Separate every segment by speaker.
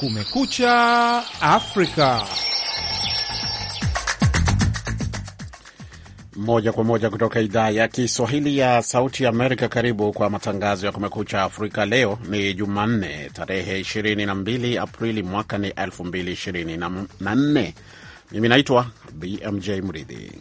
Speaker 1: Kumekucha Afrika, moja kwa moja kutoka idhaa ya Kiswahili ya Sauti ya Amerika. Karibu kwa matangazo ya Kumekucha Afrika. Leo ni Jumanne, tarehe 22 Aprili mwaka ni 2024. Mimi naitwa
Speaker 2: BMJ Mridhi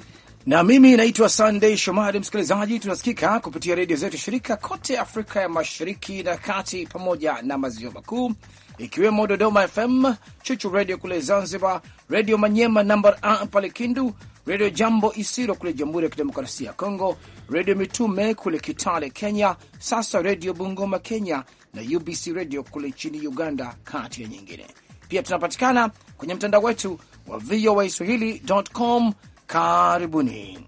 Speaker 2: na mimi naitwa sandey Shomari. Msikilizaji, tunasikika kupitia redio zetu shirika kote Afrika ya Mashariki na Kati pamoja na Maziwa Makuu ikiwemo Dodoma FM, Chuchu Redio kule Zanzibar, Redio Manyema namba a pale Kindu, Redio Jambo Isiro kule Jamhuri ya Kidemokrasia ya Kongo, Redio Mitume kule Kitale Kenya, sasa Redio Bungoma Kenya na UBC Redio kule nchini Uganda, kati ya nyingine. Pia tunapatikana kwenye mtandao wetu wa VOA swahili.com. Karibuni.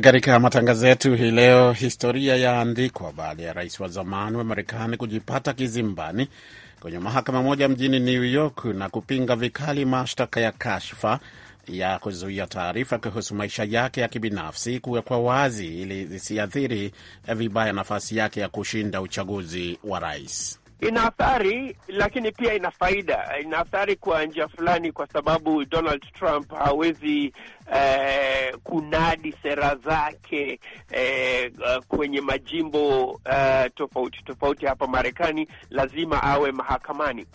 Speaker 1: Katika matangazo yetu hii leo, historia yaandikwa baada ya rais wa zamani wa Marekani kujipata kizimbani kwenye mahakama moja mjini New York na kupinga vikali mashtaka ya kashfa ya kuzuia taarifa kuhusu maisha yake ya kibinafsi kuwekwa wazi ili zisiathiri vibaya nafasi yake ya kushinda uchaguzi wa rais.
Speaker 3: Ina athari lakini pia ina faida. Ina athari kwa njia fulani, kwa sababu Donald Trump hawezi eh, kunadi sera zake eh, eh, kwenye majimbo eh, tofauti tofauti hapa Marekani, lazima awe mahakamani.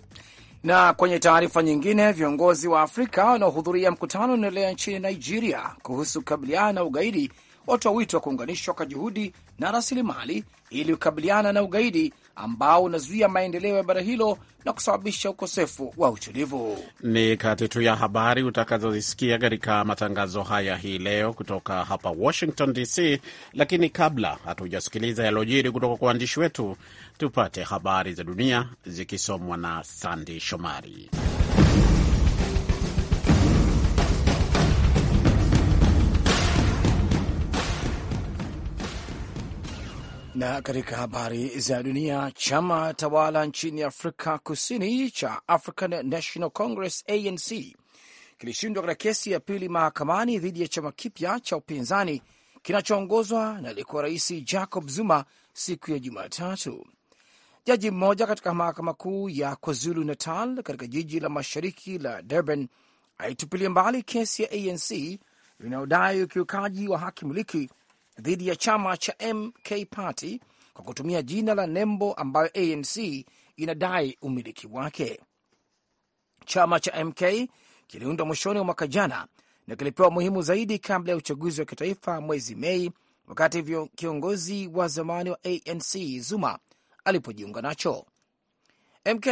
Speaker 2: Na kwenye taarifa nyingine, viongozi wa Afrika wanaohudhuria mkutano unaendelea nchini Nigeria kuhusu kabiliana na ugaidi watoa wito wa kuunganishwa kwa juhudi na rasilimali ili kukabiliana na ugaidi ambao unazuia maendeleo ya bara hilo na kusababisha ukosefu wa utulivu.
Speaker 1: Ni kati tu ya habari utakazozisikia katika matangazo haya hii leo kutoka hapa Washington DC, lakini kabla hatujasikiliza yaliojiri kutoka kwa waandishi wetu, tupate habari za dunia zikisomwa na Sandi Shomari.
Speaker 2: Na katika habari za dunia, chama tawala nchini Afrika Kusini cha African National Congress ANC kilishindwa katika kesi ya pili mahakamani dhidi ya chama kipya cha upinzani kinachoongozwa na aliyekuwa rais Jacob Zuma siku ya Jumatatu. Jaji mmoja katika mahakama kuu ya KwaZulu Natal katika jiji la mashariki la Durban aitupilia mbali kesi ya ANC inayodai ukiukaji wa haki miliki dhidi ya chama cha MK Party kwa kutumia jina la nembo ambayo ANC inadai umiliki wake. Chama cha MK kiliundwa mwishoni mwa mwaka jana na kilipewa muhimu zaidi kabla ya uchaguzi wa kitaifa mwezi Mei, wakati kiongozi wa zamani wa ANC Zuma alipojiunga nacho. MK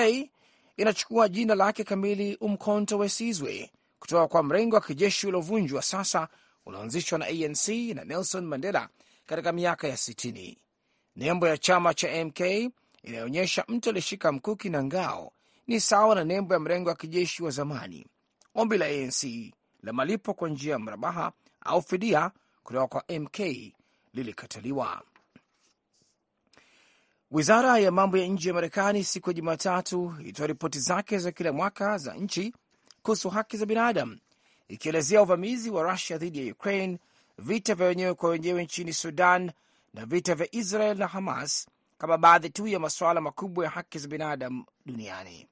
Speaker 2: inachukua jina lake kamili Umkhonto we Sizwe kutoka kwa mrengo wa kijeshi uliovunjwa sasa ulioanzishwa na ANC na Nelson Mandela katika miaka ya 60. Nembo ya chama cha MK inayoonyesha mtu aliyeshika mkuki na ngao ni sawa na nembo ya mrengo wa kijeshi wa zamani. Ombi la ANC la malipo kwa njia ya mrabaha au fidia kutoka kwa MK lilikataliwa. Wizara ya mambo ya nje ya Marekani siku ya Jumatatu ilitoa ripoti zake za kila mwaka za nchi kuhusu haki za binadamu ikielezea uvamizi wa Rusia dhidi ya Ukraine, vita vya wenyewe kwa wenyewe nchini Sudan na vita vya Israel na Hamas kama baadhi tu ya masuala makubwa ya haki za binadamu duniani.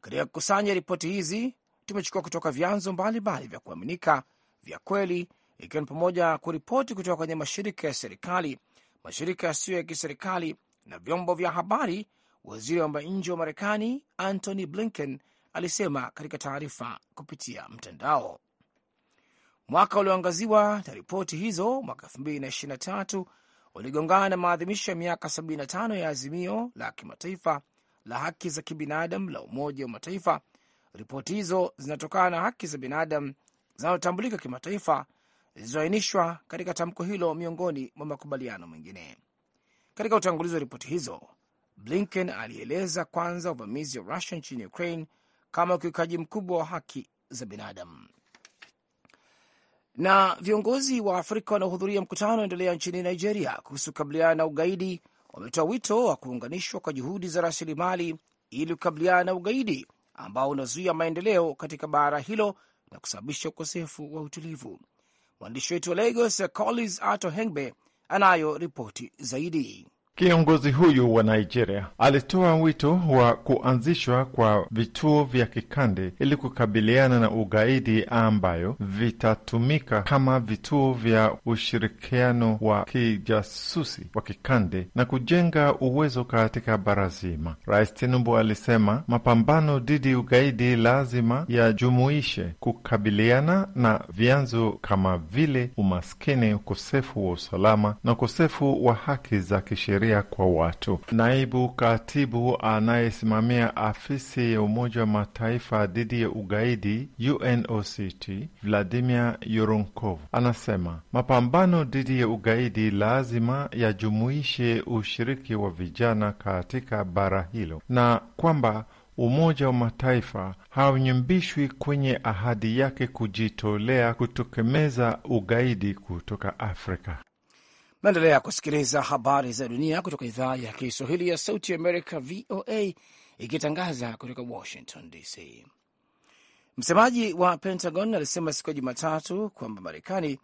Speaker 2: Katika kukusanya ripoti hizi, tumechukua kutoka vyanzo mbalimbali vya kuaminika vya kweli, ikiwa ni pamoja kuripoti kutoka kwenye mashirika ya serikali, mashirika yasiyo ya kiserikali na vyombo vya habari. Waziri wa mambo ya nje wa Marekani Antony Blinken alisema katika taarifa kupitia mtandao. Mwaka ulioangaziwa na ripoti hizo mwaka 2023 uligongana na maadhimisho ya miaka 75 ya azimio la kimataifa la haki za kibinadamu la Umoja wa Mataifa. Ripoti hizo zinatokana na haki za binadamu zinazotambulika kimataifa zilizoainishwa katika tamko hilo miongoni mwa makubaliano mengine. Katika utangulizi wa ripoti hizo, Blinken alieleza kwanza uvamizi wa Rusia nchini Ukraine kama ukiukaji mkubwa wa haki za binadamu. Na viongozi wa Afrika wanaohudhuria mkutano unaendelea nchini Nigeria kuhusu kukabiliana na ugaidi wametoa wito wa kuunganishwa kwa juhudi za rasilimali ili kukabiliana na ugaidi ambao unazuia maendeleo katika bara hilo na kusababisha ukosefu wa utulivu. Mwandishi wetu wa Lagos Collins Ato Hengbe anayo ripoti zaidi.
Speaker 4: Kiongozi huyu wa Nigeria alitoa wito wa kuanzishwa kwa vituo vya kikande ili kukabiliana na ugaidi ambayo vitatumika kama vituo vya ushirikiano wa kijasusi wa kikande na kujenga uwezo katika bara zima. Rais Tinubu alisema mapambano dhidi ugaidi lazima yajumuishe kukabiliana na vyanzo kama vile umaskini, ukosefu wa usalama na ukosefu wa haki za kisheria sheria kwa watu. Naibu katibu anayesimamia afisi ya Umoja wa Mataifa dhidi ya ugaidi UNOCT Vladimir Yoronkov anasema mapambano dhidi ya ugaidi lazima yajumuishe ushiriki wa vijana katika bara hilo na kwamba Umoja wa Mataifa haunyumbishwi kwenye ahadi yake kujitolea kutokomeza ugaidi kutoka Afrika.
Speaker 2: Naendelea kusikiliza habari za dunia kutoka idhaa ya Kiswahili ya Sauti Amerika, VOA, ikitangaza kutoka Washington DC. Msemaji wa Pentagon alisema siku ya Jumatatu kwamba Marekani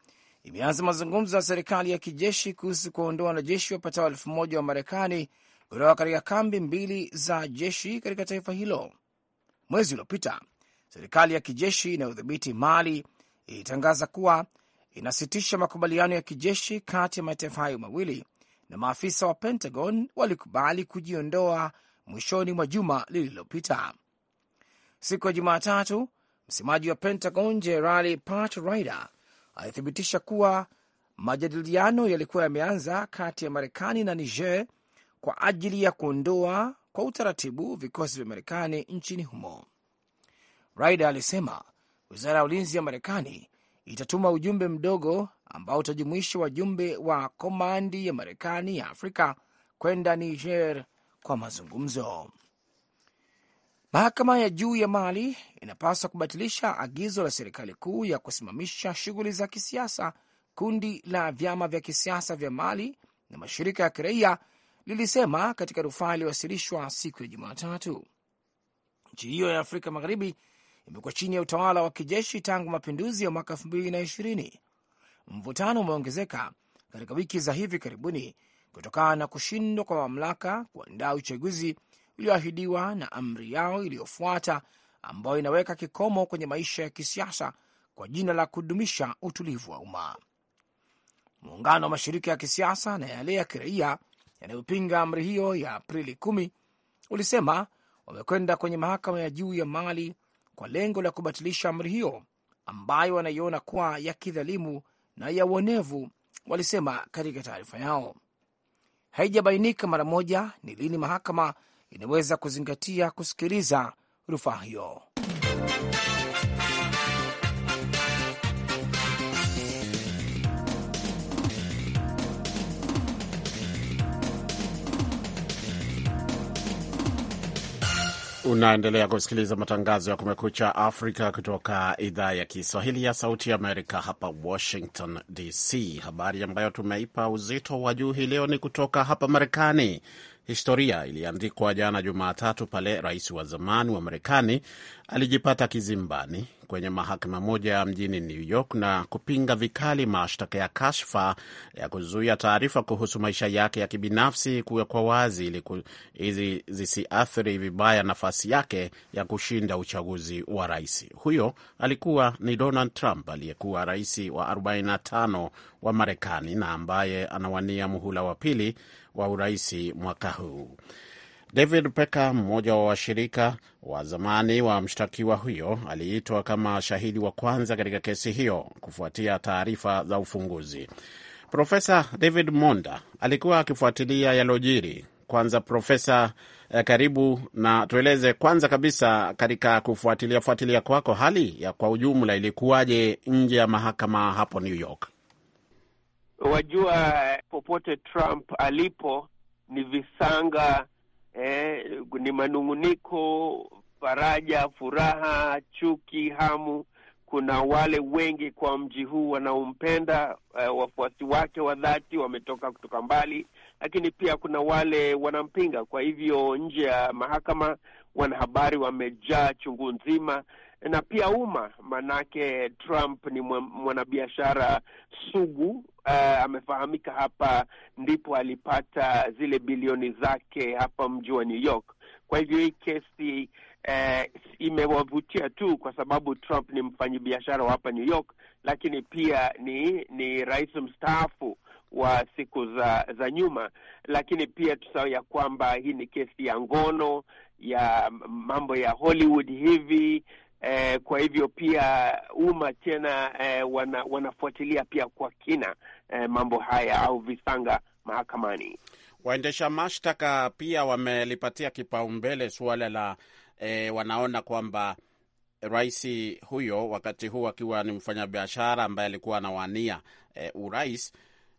Speaker 2: imeanza mazungumzo ya serikali ya kijeshi kuhusu kuondoa wanajeshi wapatao elfu moja wa Marekani kutoka katika kambi mbili za jeshi katika taifa hilo. Mwezi uliopita serikali ya kijeshi inayodhibiti Mali ilitangaza kuwa inasitisha makubaliano ya kijeshi kati ya mataifa hayo mawili na maafisa wa Pentagon walikubali kujiondoa mwishoni mwa juma lililopita. Siku ya Jumatatu, msemaji wa Pentagon Jenerali Pat Ryder alithibitisha kuwa majadiliano yalikuwa yameanza kati ya Marekani na Niger kwa ajili ya kuondoa kwa utaratibu vikosi vya Marekani nchini humo. Ryder alisema wizara ya ulinzi ya Marekani itatuma ujumbe mdogo ambao utajumuisha wajumbe wa komandi ya Marekani ya Afrika kwenda Niger kwa mazungumzo. Mahakama ya juu ya Mali inapaswa kubatilisha agizo la serikali kuu ya kusimamisha shughuli za kisiasa. Kundi la vyama vya kisiasa vya Mali na mashirika ya kiraia lilisema katika rufaa iliyowasilishwa siku ya Jumatatu. Nchi hiyo ya Afrika Magharibi imekuwa chini ya utawala wa kijeshi tangu mapinduzi ya mwaka 2020. Mvutano umeongezeka katika wiki za hivi karibuni kutokana na kushindwa kwa mamlaka kuandaa uchaguzi ulioahidiwa na amri yao iliyofuata ambayo inaweka kikomo kwenye maisha ya kisiasa kwa jina la kudumisha utulivu wa umma. Muungano wa mashirika ya kisiasa na yale ya kiraia yanayopinga amri hiyo ya Aprili 1 ulisema wamekwenda kwenye mahakama ya juu ya Mali kwa lengo la kubatilisha amri hiyo ambayo wanaiona kuwa ya kidhalimu na ya uonevu, walisema katika taarifa yao. Haijabainika mara moja ni lini mahakama inaweza kuzingatia kusikiliza rufaa hiyo.
Speaker 1: Unaendelea kusikiliza matangazo ya Kumekucha Afrika kutoka idhaa ya Kiswahili ya Sauti Amerika hapa Washington DC. Habari ambayo tumeipa uzito wa juu hii leo ni kutoka hapa Marekani. Historia iliandikwa jana Jumatatu pale rais wa zamani wa Marekani alijipata kizimbani kwenye mahakama moja mjini New York na kupinga vikali mashtaka ya kashfa ya kuzuia taarifa kuhusu maisha yake ya kibinafsi kuwekwa wazi ili zisiathiri vibaya nafasi yake ya kushinda uchaguzi wa rais. Huyo alikuwa ni Donald Trump aliyekuwa rais wa 45 wa Marekani na ambaye anawania muhula wa pili wa uraisi mwaka huu. David Peka, mmoja wa washirika wa zamani wa mshtakiwa huyo, aliitwa kama shahidi wa kwanza katika kesi hiyo kufuatia taarifa za ufunguzi. Profesa David Monda alikuwa akifuatilia yalojiri. Kwanza Profesa, eh, karibu na tueleze kwanza kabisa, katika kufuatilia fuatilia kwako, hali ya kwa ujumla ilikuwaje nje ya mahakama hapo New York?
Speaker 3: Wajua, eh, popote Trump alipo ni visanga eh, ni manung'uniko, faraja, furaha, chuki, hamu. Kuna wale wengi kwa mji huu wanaompenda, eh, wafuasi wake wa dhati wametoka kutoka mbali, lakini pia kuna wale wanampinga. Kwa hivyo nje ya mahakama wanahabari wamejaa chungu nzima na pia umma, manake Trump ni mwanabiashara sugu. Uh, amefahamika hapa ndipo alipata zile bilioni zake hapa mji wa New York. Kwa hivyo hii kesi uh, imewavutia tu kwa sababu Trump ni mfanyabiashara wa hapa New York, lakini pia ni ni rais mstaafu wa siku za za nyuma, lakini pia tusahau ya kwamba hii ni kesi ya ngono ya mambo ya Hollywood hivi eh, kwa hivyo pia umma tena eh, wana, wanafuatilia pia kwa
Speaker 1: kina eh, mambo haya au visanga mahakamani. Waendesha mashtaka pia wamelipatia kipaumbele suala la eh, wanaona kwamba rais huyo wakati huu akiwa ni mfanyabiashara ambaye alikuwa anawania eh, urais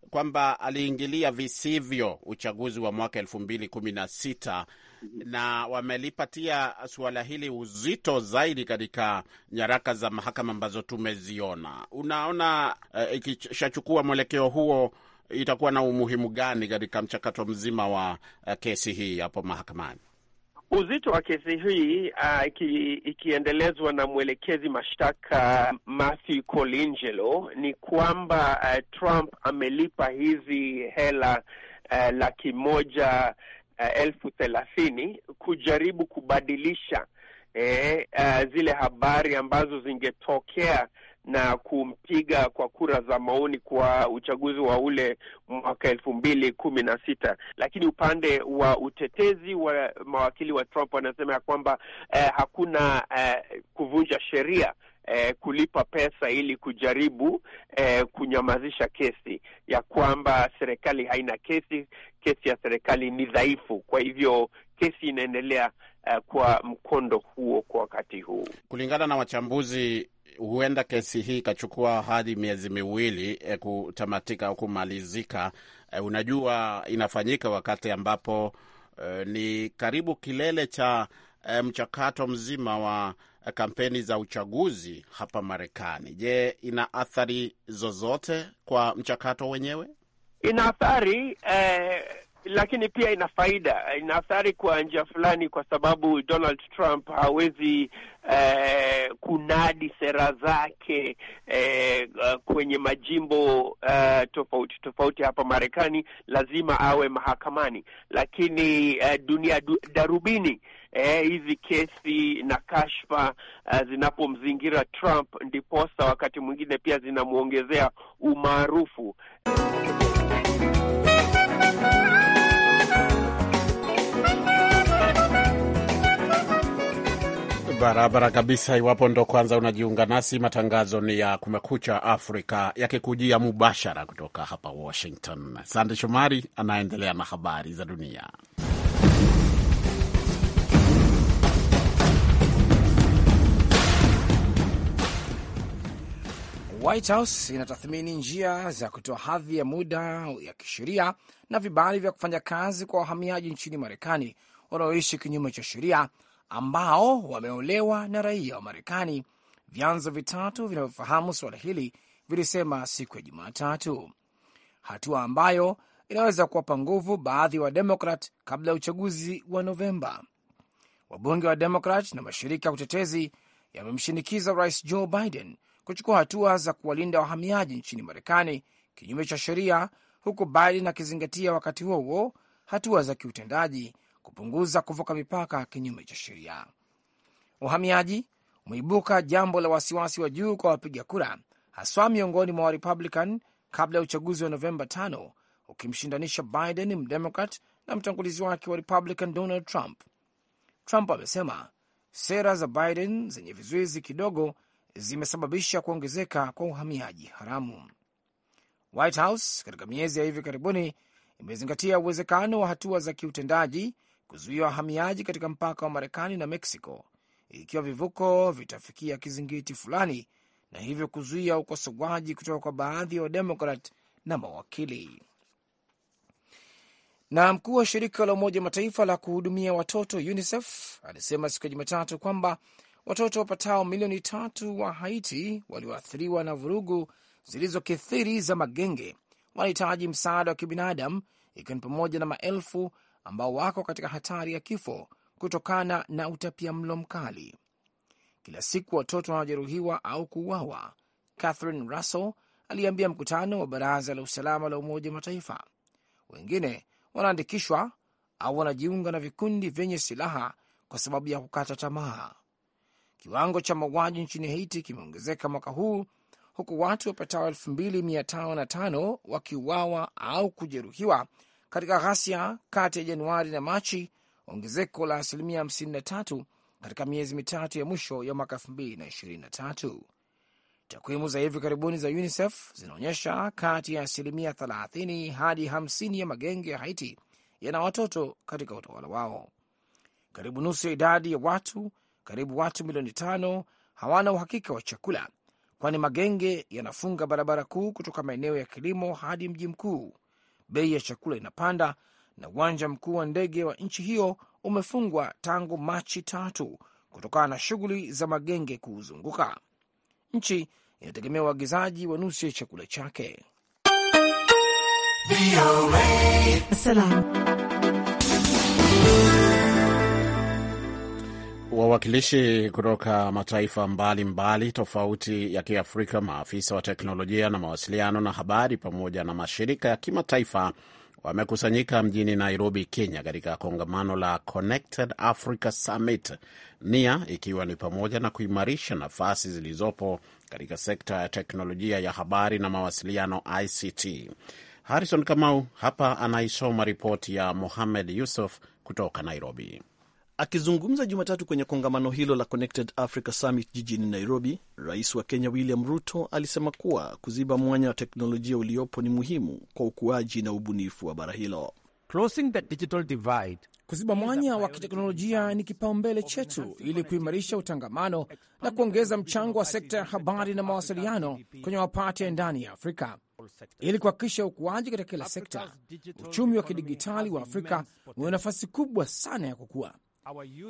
Speaker 1: kwamba aliingilia visivyo uchaguzi wa mwaka elfu mbili kumi na sita mhm. na wamelipatia suala hili uzito zaidi katika nyaraka za mahakama ambazo tumeziona. Unaona, uh, ikishachukua mwelekeo huo itakuwa na umuhimu gani katika mchakato mzima wa uh, kesi hii hapo mahakamani?
Speaker 3: Uzito wa kesi hii uh, ikiendelezwa na mwelekezi mashtaka Matthew Colangelo ni kwamba uh, Trump amelipa hizi hela uh, laki moja uh, elfu thelathini kujaribu kubadilisha eh, uh, zile habari ambazo zingetokea na kumpiga kwa kura za maoni kwa uchaguzi wa ule mwaka elfu mbili kumi na sita. Lakini upande wa utetezi wa mawakili wa Trump wanasema ya kwamba eh, hakuna eh, kuvunja sheria Eh, kulipa pesa ili kujaribu eh, kunyamazisha kesi ya kwamba serikali haina kesi, kesi ya serikali ni dhaifu. Kwa hivyo kesi inaendelea eh, kwa mkondo huo kwa wakati huu.
Speaker 1: Kulingana na wachambuzi huenda kesi hii ikachukua hadi miezi miwili e, kutamatika au kumalizika. E, unajua inafanyika wakati ambapo e, ni karibu kilele cha e, mchakato mzima wa kampeni za uchaguzi hapa Marekani. Je, ina athari zozote kwa mchakato wenyewe? Ina athari eh, lakini pia ina faida,
Speaker 3: ina athari kwa njia fulani, kwa sababu Donald Trump hawezi eh, kunadi sera zake eh, kwenye majimbo eh, tofauti tofauti hapa Marekani, lazima awe mahakamani. Lakini eh, dunia du, darubini eh, hizi eh, kesi na kashfa eh, zinapomzingira Trump, ndiposa wakati mwingine pia zinamwongezea umaarufu
Speaker 1: Barabara kabisa. Iwapo ndo kwanza unajiunga nasi, matangazo ni ya Kumekucha Afrika yakikujia mubashara kutoka hapa Washington. Sande Shomari anaendelea na habari za dunia.
Speaker 2: White House inatathmini njia za kutoa hadhi ya muda ya kisheria na vibali vya kufanya kazi kwa wahamiaji nchini Marekani wanaoishi kinyume cha sheria ambao wameolewa na raia wa Marekani, vyanzo vitatu vinavyofahamu suala hili vilisema siku ya Jumatatu, hatua ambayo inaweza kuwapa nguvu baadhi ya Wademokrat kabla ya uchaguzi wa Novemba. Wabunge wa Demokrat na mashirika ya utetezi yamemshinikiza Rais Joe Biden kuchukua hatua za kuwalinda wahamiaji nchini Marekani kinyume cha sheria, huku Biden akizingatia wakati huo huo hatua za kiutendaji kupunguza kuvuka mipaka kinyume cha sheria. Uhamiaji umeibuka jambo la wasiwasi wa juu kwa wapiga kura, haswa miongoni mwa Warepublican kabla ya uchaguzi wa Novemba 5 ukimshindanisha Biden Mdemokrat na mtangulizi wake wa Republican Donald Trump. Trump amesema sera za Biden zenye vizuizi kidogo zimesababisha kuongezeka kwa uhamiaji haramu. White House katika miezi ya hivi karibuni imezingatia uwezekano wa hatua za kiutendaji kuzuia wahamiaji katika mpaka wa Marekani na Meksiko ikiwa vivuko vitafikia kizingiti fulani na hivyo kuzuia ukosoaji kutoka kwa baadhi ya wa Wademokrat na mawakili. Na mkuu wa shirika la Umoja Mataifa la kuhudumia watoto UNICEF alisema siku ya Jumatatu kwamba watoto wapatao milioni tatu wa Haiti walioathiriwa na vurugu zilizokithiri za magenge wanahitaji msaada wa kibinadamu, ikiwa ni pamoja na maelfu ambao wako katika hatari ya kifo kutokana na utapia mlo mkali. Kila siku watoto wanajeruhiwa au kuuawa, Catherine Russell aliambia mkutano wa Baraza la Usalama la Umoja wa Mataifa. Wengine wanaandikishwa au wanajiunga na vikundi vyenye silaha kwa sababu ya kukata tamaa. Kiwango cha mauaji nchini Haiti kimeongezeka mwaka huu huku watu wapatao 2505 wakiuawa au kujeruhiwa katika ghasia kati ya Januari na Machi, ongezeko la asilimia 53 katika miezi mitatu ya mwisho ya mwaka 2023. Takwimu za hivi karibuni za UNICEF zinaonyesha kati ya asilimia 30 hadi 50 ya magenge ya Haiti yana watoto katika utawala wao. Karibu nusu ya idadi ya watu, karibu watu milioni tano, hawana uhakika wa chakula, kwani magenge yanafunga barabara kuu kutoka maeneo ya kilimo hadi mji mkuu bei ya chakula inapanda na uwanja mkuu wa ndege wa nchi hiyo umefungwa tangu Machi tatu kutokana na shughuli za magenge kuuzunguka. Nchi inategemea uagizaji wa nusu ya chakula chake.
Speaker 4: Salam.
Speaker 1: Wawakilishi kutoka mataifa mbalimbali mbali tofauti ya Kiafrika, maafisa wa teknolojia na mawasiliano na habari, pamoja na mashirika ya kimataifa wamekusanyika mjini Nairobi, Kenya, katika kongamano la Connected Africa Summit, nia ikiwa ni pamoja na kuimarisha nafasi zilizopo katika sekta ya teknolojia ya habari na mawasiliano, ICT. Harrison Kamau hapa anaisoma ripoti ya Mohamed Yusuf
Speaker 5: kutoka Nairobi. Akizungumza Jumatatu kwenye kongamano hilo la Connected Africa Summit jijini Nairobi, rais wa Kenya William Ruto alisema kuwa kuziba mwanya wa teknolojia uliopo ni muhimu kwa ukuaji na ubunifu wa bara hilo. Closing the digital divide,
Speaker 2: kuziba mwanya wa kiteknolojia ni kipaumbele chetu
Speaker 5: ili kuimarisha utangamano
Speaker 2: na kuongeza mchango wa sekta ya habari na mawasiliano kwenye mapate ya ndani ya Afrika ili kuhakikisha ukuaji katika kila sekta. Uchumi wa kidigitali wa Afrika una nafasi kubwa sana ya kukua.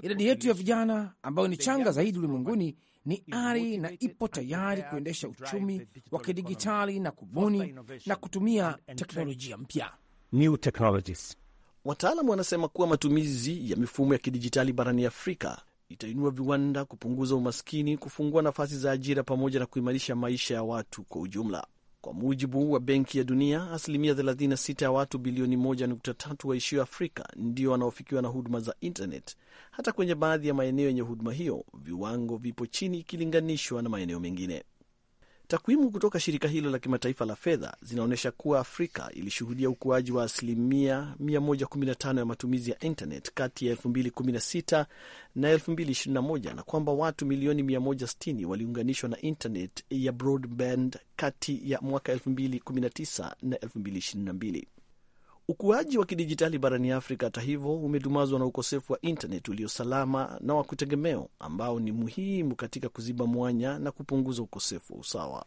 Speaker 2: Idadi yetu ya vijana ambayo ni changa zaidi ulimwenguni ni ari na ipo tayari kuendesha uchumi wa kidijitali na kubuni na
Speaker 5: kutumia
Speaker 2: teknolojia
Speaker 5: mpya. Wataalamu wanasema kuwa matumizi ya mifumo ya kidijitali barani Afrika itainua viwanda, kupunguza umaskini, kufungua nafasi za ajira, pamoja na kuimarisha maisha ya watu kwa ujumla. Kwa mujibu wa Benki ya Dunia, asilimia 36 ya watu bilioni 1.3 waishio Afrika ndio wanaofikiwa na huduma za internet. Hata kwenye baadhi ya maeneo yenye huduma hiyo, viwango vipo chini ikilinganishwa na maeneo mengine. Takwimu kutoka shirika hilo la kimataifa la fedha zinaonyesha kuwa Afrika ilishuhudia ukuaji wa asilimia 115 ya matumizi ya internet kati ya 2016 na 2021 na kwamba watu milioni 160 waliunganishwa na internet ya broadband kati ya mwaka 2019 na 2022. Ukuaji wa kidijitali barani Afrika, hata hivyo, umedumazwa na ukosefu wa intanet uliosalama na wa kutegemeo ambao ni muhimu katika kuziba mwanya na kupunguza ukosefu wa usawa.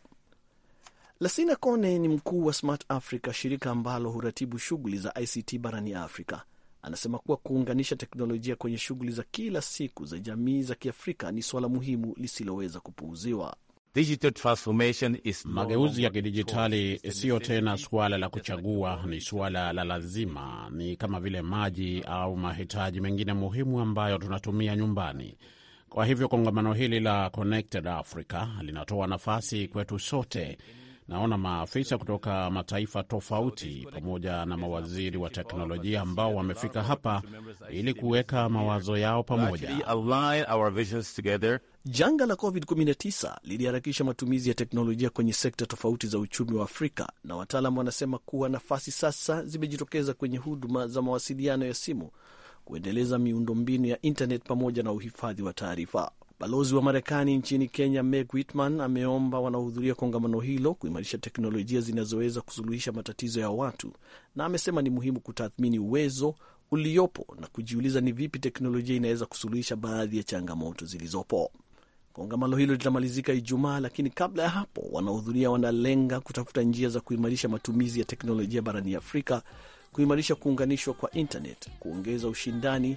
Speaker 5: Lasina Kone ni mkuu wa Smart Africa, shirika ambalo huratibu shughuli za ICT barani Afrika. Anasema kuwa kuunganisha teknolojia kwenye shughuli za kila siku za jamii za Kiafrika ni suala muhimu lisiloweza kupuuziwa.
Speaker 1: Digital transformation is mageuzi ya kidijitali siyo tena suala la kuchagua, ni suala la lazima. Ni kama vile maji au mahitaji mengine muhimu ambayo tunatumia nyumbani. Kwa hivyo kongamano hili la Connected Africa linatoa nafasi kwetu sote Naona maafisa kutoka mataifa tofauti pamoja na mawaziri wa teknolojia ambao wamefika hapa
Speaker 5: ili kuweka mawazo yao pamoja. Janga la COVID-19 liliharakisha matumizi ya teknolojia kwenye sekta tofauti za uchumi wa Afrika, na wataalam wanasema kuwa nafasi sasa zimejitokeza kwenye huduma za mawasiliano ya simu, kuendeleza miundombinu ya intnet pamoja na uhifadhi wa taarifa. Balozi wa Marekani nchini Kenya Meg Whitman ameomba wanaohudhuria kongamano hilo kuimarisha teknolojia zinazoweza kusuluhisha matatizo ya watu, na amesema ni muhimu kutathmini uwezo uliopo na kujiuliza ni vipi teknolojia inaweza kusuluhisha baadhi ya changamoto zilizopo. Kongamano hilo litamalizika Ijumaa, lakini kabla ya hapo wanaohudhuria wanalenga kutafuta njia za kuimarisha matumizi ya teknolojia barani Afrika, kuimarisha kuunganishwa kwa intnet kuongeza ushindani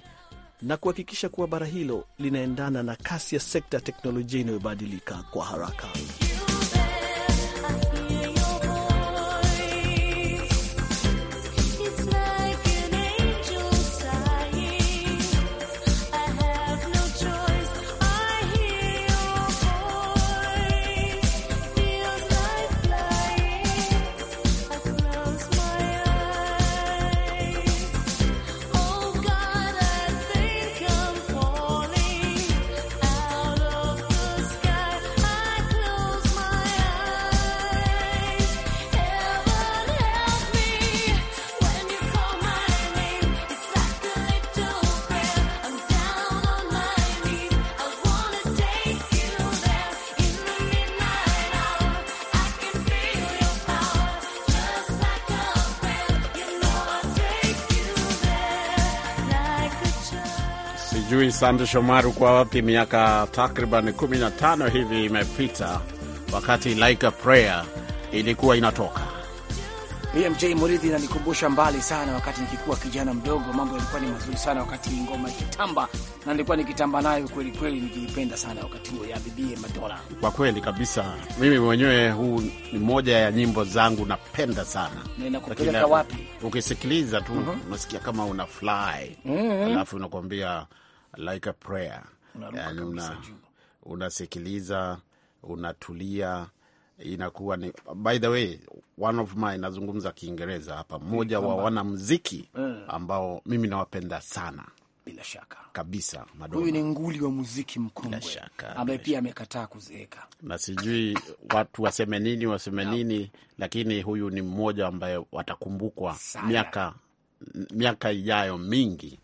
Speaker 5: na kuhakikisha kuwa bara hilo linaendana na kasi ya sekta ya teknolojia inayobadilika kwa haraka.
Speaker 1: sijui Sande Shomaru kwa wapi, miaka takriban 15 hivi imepita, wakati Like a Prayer ilikuwa inatoka.
Speaker 2: BMJ Muridhi nanikumbusha mbali sana, wakati nikikuwa kijana mdogo, mambo yalikuwa ni mazuri sana, wakati ngoma ikitamba, na nilikuwa nikitamba nayo kweli kweli, nikiipenda sana wakati huo, ya bibie
Speaker 5: Matola.
Speaker 1: Kwa kweli kabisa, mimi mwenyewe, huu ni moja ya nyimbo zangu napenda sana,
Speaker 5: na inakupeleka wapi?
Speaker 1: Ukisikiliza tu mhm. unasikia mm -hmm. kama una fly mm -hmm. alafu unakwambia like a prayer, yani una, unasikiliza unatulia inakuwa ni by the way one of my nazungumza Kiingereza hapa, eh, mmoja wa wanamuziki eh. ambao mimi nawapenda sana bila shaka kabisa. huyu ni
Speaker 2: nguli wa muziki mkongwe ambaye pia amekataa kuzeeka,
Speaker 1: na sijui watu waseme nini waseme nini, lakini huyu ni mmoja ambaye watakumbukwa miaka miaka ijayo mingi,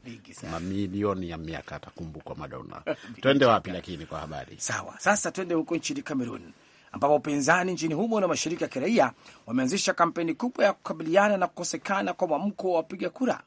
Speaker 2: mamilioni ya miaka atakumbukwa Madonna. Twende wapi lakini kwa habari? Sawa, sasa twende huko nchini Cameroon ambapo upinzani nchini humo na mashirika ya kiraia wameanzisha kampeni kubwa ya kukabiliana na kukosekana kwa mwamko wa wapiga kura.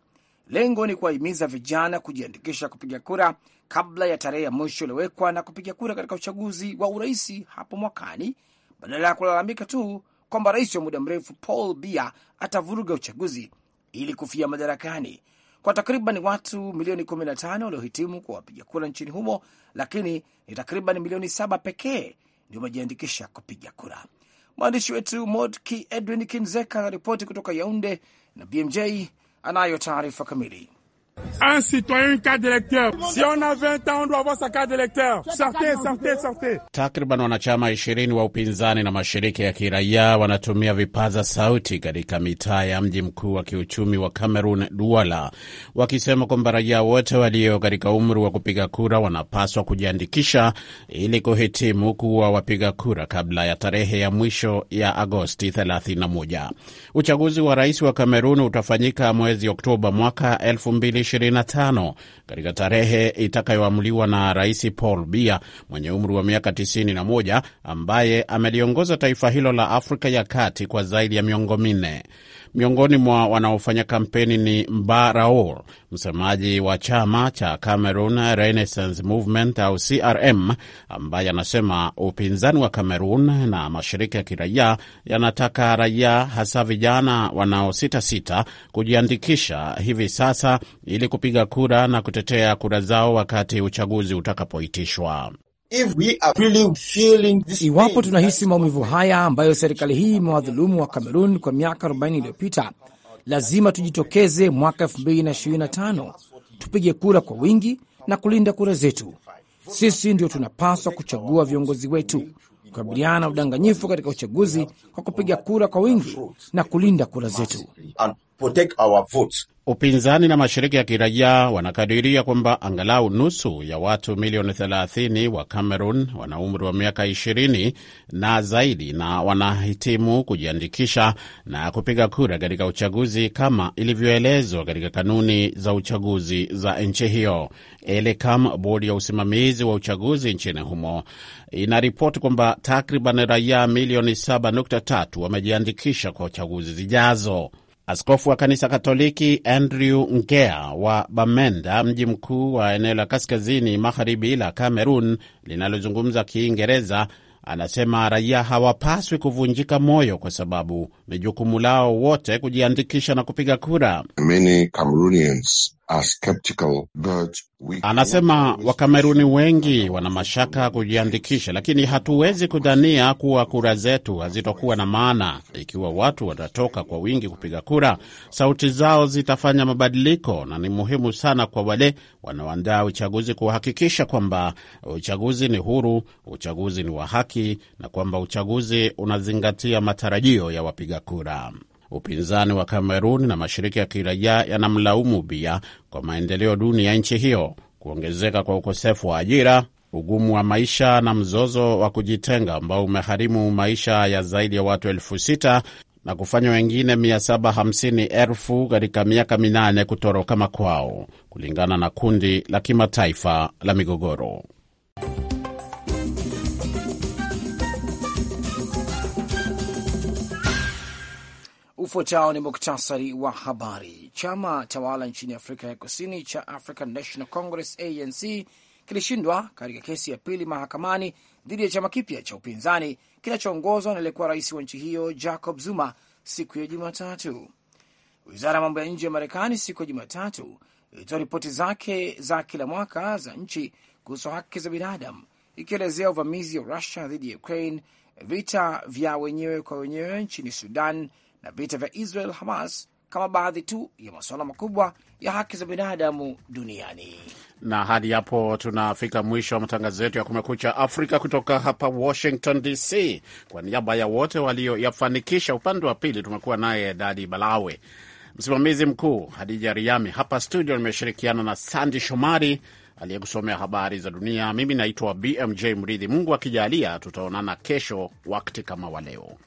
Speaker 2: Lengo ni kuwahimiza vijana kujiandikisha kupiga kura kabla ya tarehe ya mwisho iliyowekwa na kupiga kura katika uchaguzi wa uraisi hapo mwakani, badala ya kulalamika tu kwamba rais wa muda mrefu Paul Biya atavuruga uchaguzi ili kufia madarakani kwa takriban watu milioni 15 waliohitimu kwa wapiga kura nchini humo, lakini ni takriban milioni saba pekee ndio wamejiandikisha kupiga kura. Mwandishi wetu Modki Edwin Kinzeka anaripoti kutoka Yaunde na BMJ anayo taarifa kamili. Un
Speaker 1: citoyen, une carte d'électeur. Si on a 20 ans, on doit avoir sa carte d'électeur. Sortez, sortez, sortez. Takriban wanachama ishirini wa upinzani na mashirika ya kiraia wanatumia vipaza sauti katika mitaa ya mji mkuu wa kiuchumi wa Cameroon, Douala, wakisema kwamba raia wote walio katika umri wa kupiga kura wanapaswa kujiandikisha ili kuhitimu kuwa wapiga kura kabla ya tarehe ya mwisho ya Agosti 31. Uchaguzi wa rais wa Cameroon utafanyika mwezi Oktoba mwaka 20 25 katika tarehe itakayoamuliwa na Rais Paul Biya mwenye umri wa miaka 91 ambaye ameliongoza taifa hilo la Afrika ya Kati kwa zaidi ya miongo minne. Miongoni mwa wanaofanya kampeni ni Mba Raoul, msemaji wa chama cha Cameroon Renaissance Movement au CRM, ambaye anasema upinzani wa Cameroon na mashirika ya kiraia yanataka raia, hasa vijana wanaositasita, kujiandikisha hivi sasa ili kupiga kura na kutetea kura zao wakati uchaguzi utakapoitishwa.
Speaker 2: Iwapo tunahisi maumivu haya ambayo serikali hii imewadhulumu wa Kamerun kwa miaka 40 iliyopita, lazima tujitokeze mwaka 2025 tupige kura kwa wingi na kulinda kura zetu. Sisi ndio tunapaswa kuchagua viongozi wetu, kukabiliana na udanganyifu katika uchaguzi kwa kupiga kura kwa wingi na kulinda kura zetu
Speaker 1: protect our votes. Upinzani na mashirika ya kiraia wanakadiria kwamba angalau nusu ya watu milioni 30 wa Cameroon wana umri wa miaka 20 na zaidi na wanahitimu kujiandikisha na kupiga kura katika uchaguzi kama ilivyoelezwa katika kanuni za uchaguzi za nchi hiyo. ELECAM, bodi ya usimamizi wa uchaguzi nchini humo, inaripoti kwamba takriban raia milioni 7.3 wamejiandikisha kwa uchaguzi zijazo. Askofu wa kanisa Katoliki Andrew ngea wa Bamenda, mji mkuu wa eneo la kaskazini magharibi la Kamerun linalozungumza Kiingereza, anasema raia hawapaswi kuvunjika moyo kwa sababu ni jukumu lao wote kujiandikisha na kupiga kura.
Speaker 4: Many Cameroonians
Speaker 1: Anasema Wakameruni wengi wana mashaka kujiandikisha, lakini hatuwezi kudhania kuwa kura zetu hazitokuwa na maana. Ikiwa watu watatoka kwa wingi kupiga kura, sauti zao zitafanya mabadiliko, na ni muhimu sana kwa wale wanaoandaa uchaguzi kuhakikisha kwamba uchaguzi ni huru, uchaguzi ni wa haki, na kwamba uchaguzi unazingatia matarajio ya wapiga kura upinzani wa Kamerun na mashirika ya kiraia yanamlaumu bia kwa maendeleo duni ya nchi hiyo, kuongezeka kwa ukosefu wa ajira, ugumu wa maisha na mzozo wa kujitenga ambao umeharimu maisha ya zaidi ya watu elfu sita na kufanya wengine 750,000 katika miaka minane kutoroka makwao, kulingana na kundi la kimataifa la migogoro.
Speaker 2: Ufuatao ni muktasari wa habari. Chama tawala nchini Afrika ya Kusini cha African National Congress, ANC, kilishindwa katika kesi ya pili mahakamani dhidi ya chama kipya cha upinzani kinachoongozwa na aliyekuwa rais wa nchi hiyo Jacob Zuma siku ya Jumatatu. Wizara ya mambo ya nje ya Marekani siku ya Jumatatu ilitoa ripoti zake za kila mwaka za nchi kuhusu haki za binadamu, ikielezea uvamizi wa Rusia dhidi ya Ukraine, vita vya wenyewe kwa wenyewe nchini Sudan na vita vya Israel Hamas kama baadhi tu ya masuala makubwa ya haki za binadamu duniani.
Speaker 1: Na hadi hapo tunafika mwisho wa matangazo yetu ya Kumekucha Afrika kutoka hapa Washington DC. Kwa niaba ya wote walioyafanikisha, upande wa pili tumekuwa naye Dadi Balawe, msimamizi mkuu Hadija Riami. Hapa studio nimeshirikiana na Sandi Shomari aliyekusomea habari za dunia. Mimi naitwa BMJ Mridhi. Mungu akijalia, tutaonana kesho wakti kama waleo.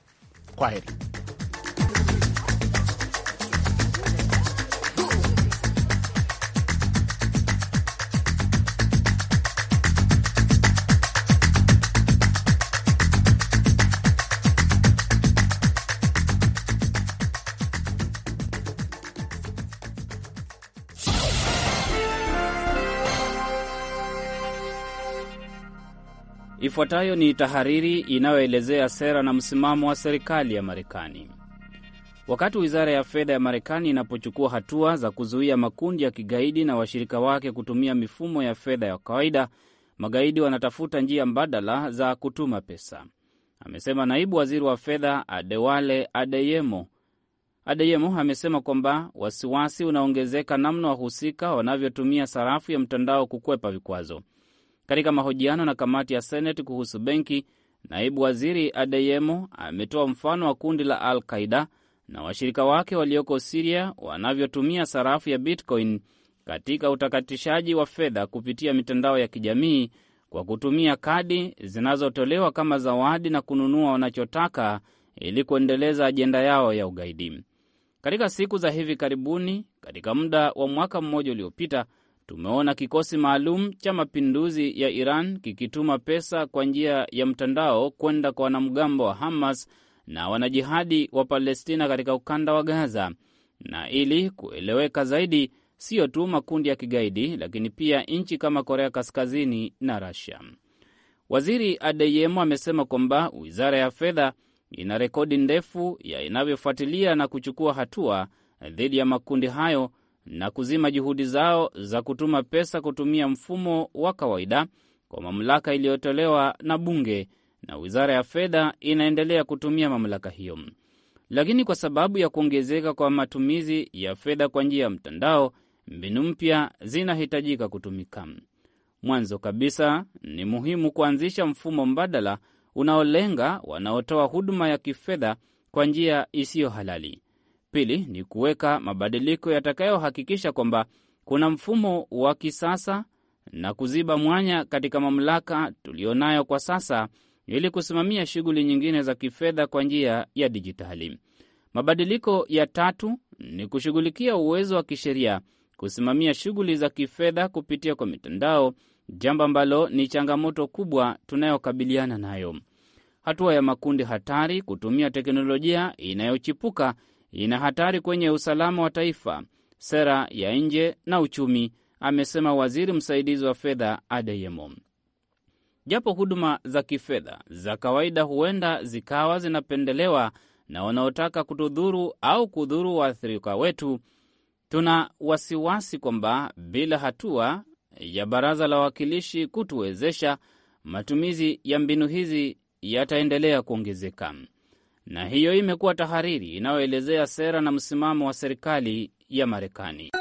Speaker 1: Kwa heri.
Speaker 6: Ifuatayo ni tahariri inayoelezea sera na msimamo wa serikali ya Marekani. Wakati wizara ya fedha ya Marekani inapochukua hatua za kuzuia makundi ya kigaidi na washirika wake kutumia mifumo ya fedha ya kawaida, magaidi wanatafuta njia mbadala za kutuma pesa, amesema naibu waziri wa fedha Adewale Adeyemo. Adeyemo amesema kwamba wasiwasi unaongezeka namna wahusika wanavyotumia sarafu ya mtandao kukwepa vikwazo. Katika mahojiano na kamati ya Seneti kuhusu benki, naibu waziri Adeyemo ametoa mfano wa kundi la Al Qaida na washirika wake walioko Siria wanavyotumia sarafu ya Bitcoin katika utakatishaji wa fedha kupitia mitandao ya kijamii kwa kutumia kadi zinazotolewa kama zawadi na kununua wanachotaka ili kuendeleza ajenda yao ya ugaidi. Katika siku za hivi karibuni, katika muda wa mwaka mmoja uliopita tumeona kikosi maalum cha mapinduzi ya Iran kikituma pesa kwa njia ya mtandao kwenda kwa wanamgambo wa Hamas na wanajihadi wa Palestina katika ukanda wa Gaza. Na ili kueleweka zaidi, siyo tu makundi ya kigaidi, lakini pia nchi kama Korea Kaskazini na rasia Waziri Adeyemo amesema kwamba wizara ya fedha ina rekodi ndefu ya inavyofuatilia na kuchukua hatua dhidi ya makundi hayo na kuzima juhudi zao za kutuma pesa kutumia mfumo wa kawaida kwa mamlaka iliyotolewa na bunge, na wizara ya fedha inaendelea kutumia mamlaka hiyo. Lakini kwa sababu ya kuongezeka kwa matumizi ya fedha kwa njia ya mtandao, mbinu mpya zinahitajika kutumika. Mwanzo kabisa, ni muhimu kuanzisha mfumo mbadala unaolenga wanaotoa huduma ya kifedha kwa njia isiyo halali pili ni kuweka mabadiliko yatakayohakikisha kwamba kuna mfumo wa kisasa na kuziba mwanya katika mamlaka tuliyonayo kwa sasa ili kusimamia shughuli nyingine za kifedha kwa njia ya dijitali. Mabadiliko ya tatu ni kushughulikia uwezo wa kisheria kusimamia shughuli za kifedha kupitia kwa mitandao, jambo ambalo ni changamoto kubwa tunayokabiliana nayo. Hatua ya makundi hatari kutumia teknolojia inayochipuka ina hatari kwenye usalama wa taifa, sera ya nje na uchumi, amesema waziri msaidizi wa fedha Adeyemo. Japo huduma za kifedha za kawaida huenda zikawa zinapendelewa na wanaotaka kutudhuru au kudhuru waathirika wetu, tuna wasiwasi kwamba bila hatua ya baraza la wawakilishi kutuwezesha, matumizi ya mbinu hizi yataendelea kuongezeka na hiyo imekuwa tahariri inayoelezea sera na msimamo wa serikali ya Marekani.